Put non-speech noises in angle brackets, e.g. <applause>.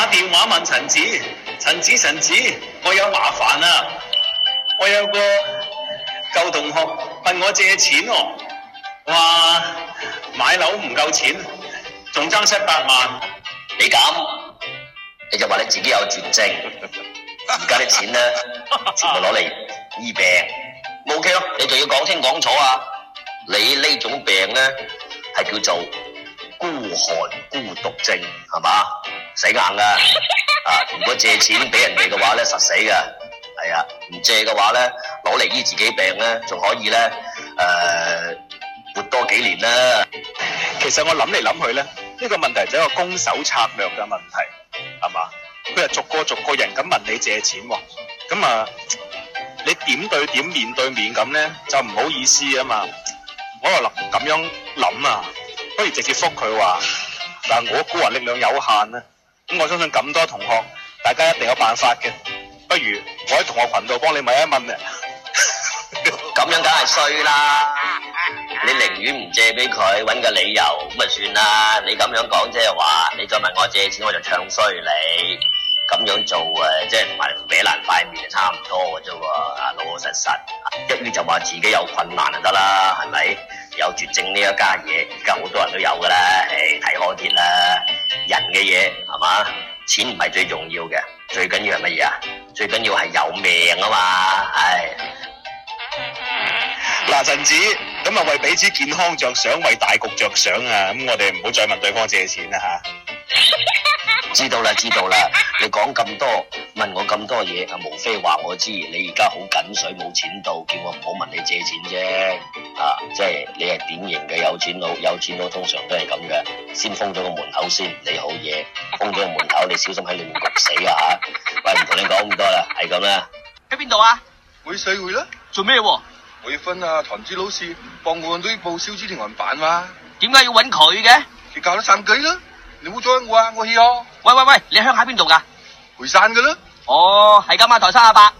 打電話問陳子，陳子陳子，我有麻煩啊！我有個舊同學問我借錢喎、啊，話買樓唔夠錢，仲爭七百萬，你噉？你就話你自己有絕症，而家啲錢咧 <laughs> 全部攞嚟醫病，OK 咯，你仲要講清講楚啊！你呢種病咧係叫做孤寒孤獨症，係嘛？死硬噶，啊！如果借錢俾人哋嘅話咧，實死噶。係啊，唔借嘅話咧，攞嚟醫自己病咧，仲可以咧，誒、呃，活多幾年啦。其實我諗嚟諗去咧，呢、這個問題就係一個攻守策略嘅問題，係嘛？佢係逐個逐個人咁問你借錢喎、哦，咁啊，你點對點面對面咁咧，就唔好意思啊嘛。我又諗咁樣諗啊，不如直接覆佢話，但我個人力量有限啊。咁我相信咁多同學大家一定有辦法嘅。不如我喺同學羣度幫你問一問啊，咁樣梗係衰啦！你寧願唔借俾佢，揾個理由咁啊算啦。你咁樣講即係話，你再問我借錢我就唱衰你。咁樣做誒、啊，即係係咪搲爛塊面就差唔多嘅啫喎，老、嗯、老實實一於就話自己有困難就得啦，係咪？有絕症呢一家嘢，而家好多人都有噶啦，誒，睇開。錢唔係最重要嘅，最緊要係乜嘢啊？最緊要係有命啊嘛！唉，嗱，陳子，咁啊為彼此健康着想，為大局着想啊！咁我哋唔好再問對方借錢啦吓。知道啦，知道啦，你講咁多。問我咁多嘢，無非話我知你而家好緊水，冇錢到，叫我唔好問你借錢啫。啊，即係你係典型嘅有錢佬，有錢佬通常都係咁嘅，先封咗個門口先，你好嘢，封咗個門口，你小心喺裏面焗死啊吓！喂，唔同你講咁多啦，係咁啦。喺邊度啊？匯水匯啦，做咩、啊？我要分啊？唐子老師幫我搵啲報銷之天花板嘛、啊？點解要搵佢嘅？佢搞得神鬼啦！你唔好阻我啊，我去哦、啊。喂喂喂，你鄉下喺邊度噶？回山嘅咯，哦，係今晚台三廿八。